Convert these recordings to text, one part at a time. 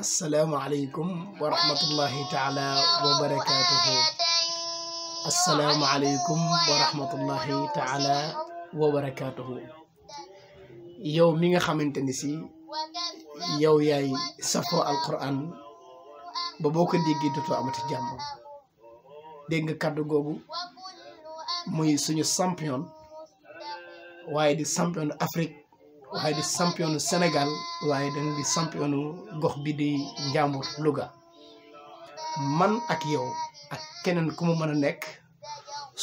Assalamualaikum warahmatullahi ta'ala wa Assalamualaikum warahmatullahi ta'ala wa yow mi nga xamanteni si yow yaay safo alquran ba boko diggi déggee amati jamm. dégg nga kàddu muy suñu champion waye di champion Afrique waaye di champion Sénégal waaye dañu di champion gox bi di Njàmbur Louga man ak yow ak keneen ku mu mën a nekk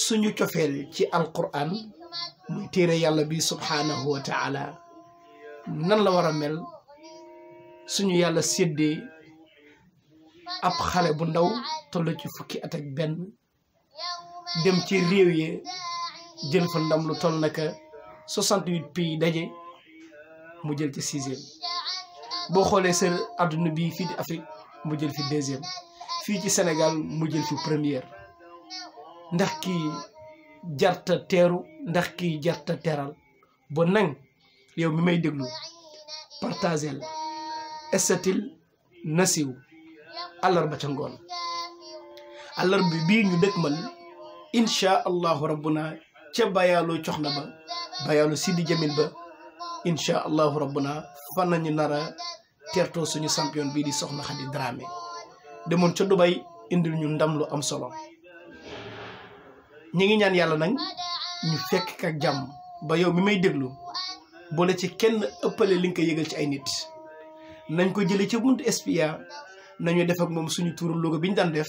suñu cofeel ci alquran muy téere yàlla bi subhaanahu wa taala nan la war a mel suñu yàlla séddee ab xale bu ndaw toll ci fukki at ak benn dem ci réew yi jël fa ndam lu toll naka 68 pays daje mu jël ci sixième boo xoolee seen àdduna bi fii di Afrique mu jël fi deuxième fii ci senegal mu jël fi première ndax kii jarta teeru ndax ki jarta teral ba nang yow mi may déglu partagel estatil nasiw àllarba ca ngoon àllarba bii ñu dëkkmal incha allahu rabbuna ca bayaalu coxna ba bayaalu sidi jamin ba insha Allah rabbuna fan nañu nara terto suñu champion bi di soxna xadi dramé demon ci dubai indi ñu ndam lu am solo ñi ngi ñaan yalla nañ ñu fekk ak jam ba yow mi may deglu bo la ci kenn ëppale li nga yëgal ci ay nit nañ ko jël ci buntu espia nañu def ak mom suñu tour logo biñ dan def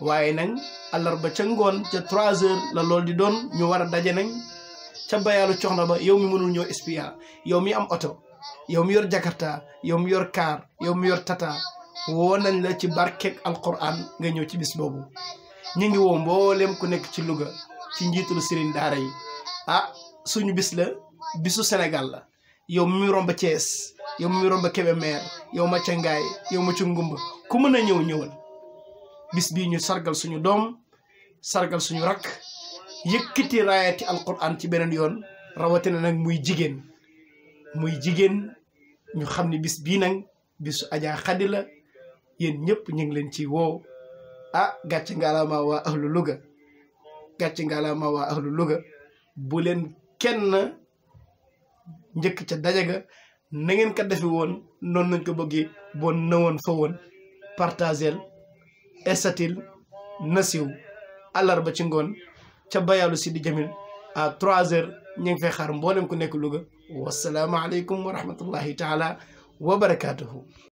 waye nañ alarba ca ngon ca 3 h la lol di doon ñu wara dajé nañ ca bayaalu coxna ba yow mi mënul ñëw SPIA yow mi am oto yow mi yor jakarta yow mi yor kaar yow mi yor tata woo nañ la ci barkeeg alquran nga ñëw ci bis boobu ñu ngi woo mboolem ku nekk ci Louga ci njiitalu Serigne daara yi ah suñu bis la bisu Sénégal la yow mi romba Thiès yow mi romba Kébémer yow ma ca yow ma ca Ngumba ku mën a ñëw ñëwal bis bii ñu sargal suñu doom sargal suñu rakk yëkkati rayati alquran ci beneen yoon na nak muy jigen muy jigen ñu xamni bis bi nak bisu aja khadila la ñepp ñi wa ngi leen ci wo ah kenna, ngalama wa ahlul luga gatch ngalama wa ahlul luga bu leen kenn ci dajja ga na ngeen ko defi woon noonu nañ ko bëggee bon na fa woon partagel estatil nasiw àllarba ci ngoon ca bayalu si di jamil à trois heures ñu ngi fay xaar mboolem ku nekk Louga wasalaamaaleykum wa rahmatullahi taala wa barakaatuhu